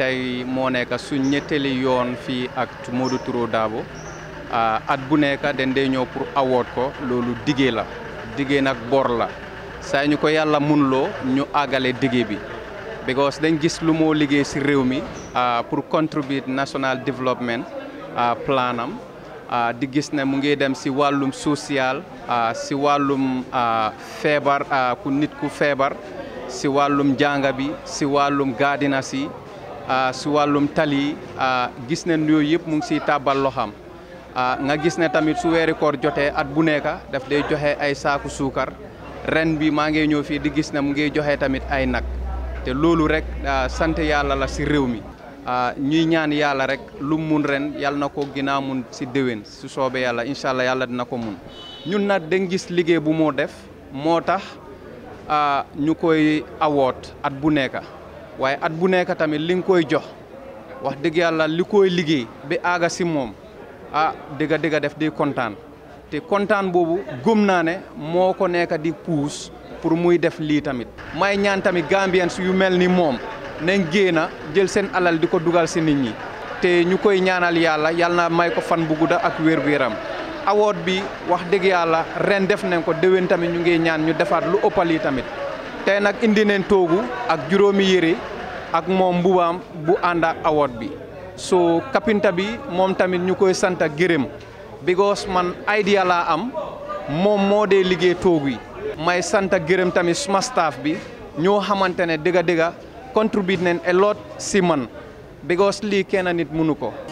tey moo nekk suñ ñetteeli yoon fii ak Modou Touré Darboe at bu nekk dañ dee ñëw pour awoot ko loolu diggee la diggee nag bor la saa ñu ko yàlla munloo ñu àggale diggee bi because dañ gis lu moo liggéey si réew mi pour contribute national development plan di gis ne mu ngi dem si wàllum social si wàllum feebar ku nit ku feebar si wàllum jàng bi si wàllum gaadina Ah, si wàllum tali ah, gis nañ yooyu yëpp mu ngi siy tàbbal loxam ah, nga gis ne tamit su weeri koor jotee at bu nekk daf day joxe ay saaku suukar ren bi maa ngi ñëw fii di gis na mu ngi joxe tamit ay nag te loolu rek sant yàlla la si réew mi ñuy ñaan yàlla rek lu mun ren yàlla na ko ginnaaw mun si déwén su soobee yàlla incha allah yàlla dina ko mun ñun nag da gis liggéey bu mu def moo tax ñu koy awoot at bu nekk. waaye at bu nekk tamit li nga koy jox wax dëgg yàlla li koy liggéey ba aaga si moom ah dëgg def di kontaan te kontaan boobu gëm naa ne moo ko nekk di puus pour muy def lii tamit. may ñaan tamit Gambiens yu mel ni moom nañ génn a jël seen alal di ko dugal si nit te ñu koy ñaanal yàlla yàlla na may ko fan bu gudda ak wér gu yaram award bi wax dëgg yàlla ren def nañ ko déwén tamit ñu ngi ñaan ñu defaat lu ëppal yi tamit. tey nag indi neen toogu ak juróomi yére ak moom mbubaam bu ànd ak bi so kapinta bi moom tamit ñu koy sant ak gërëm because man idea laa am moom moo dee liggéey toogu yi may sant ak tamit suma staff bi ñoo xamante ne dëgg dëgg nen nañ lot si man because lii kenn nit mënu ko